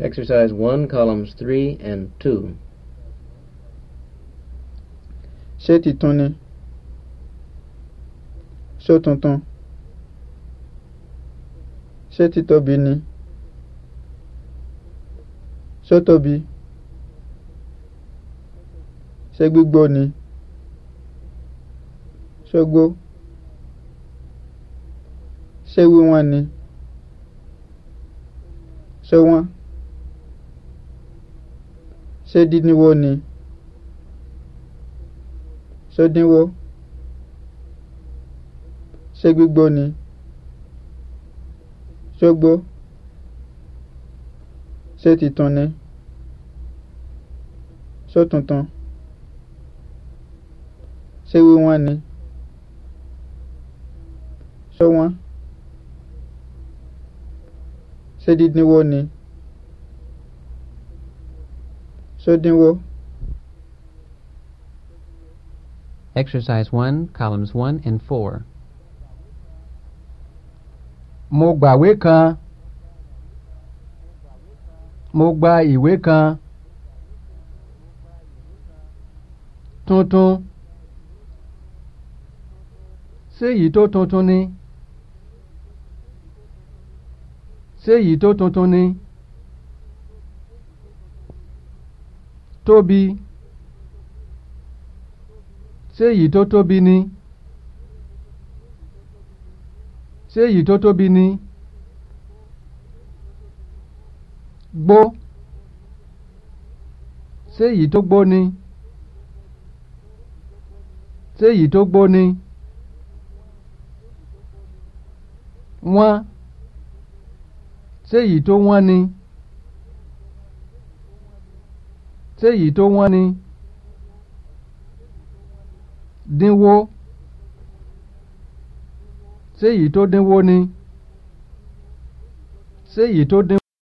Exercise 1, columns 3 and 2. Ṣé titun ni? Ṣó tuntun? Ṣé títóbi ni? Ṣó tóbi? Ṣé gbígbó ni? Ṣó gbó? Ṣé wíwọ́n ni? Ṣé wọ́n? ṣé dínwó ni ṣé dínwó ṣé gbígbó ni ṣógbó ṣé titun ni ṣó tuntun ṣé wíwọ́n ni ṣó wọ́n ni. So sódínwó. exercise one columns one and four. mo gbàwé kan mo gba ìwé kan tuntun ṣé èyí tó tuntun ni ṣé èyí tó tuntun ni. tóbi ṣé èyí tó tóbi ni ṣé èyí tó tóbi ni gbó ṣé èyí tó gbó ni ṣé èyí tó gbó ni wọ́n ṣé èyí tó wọ́n ni. Wọ́n, séyìí tó wọ́n ni dínwó séyìí tó dínwó ni séyìí tó dín.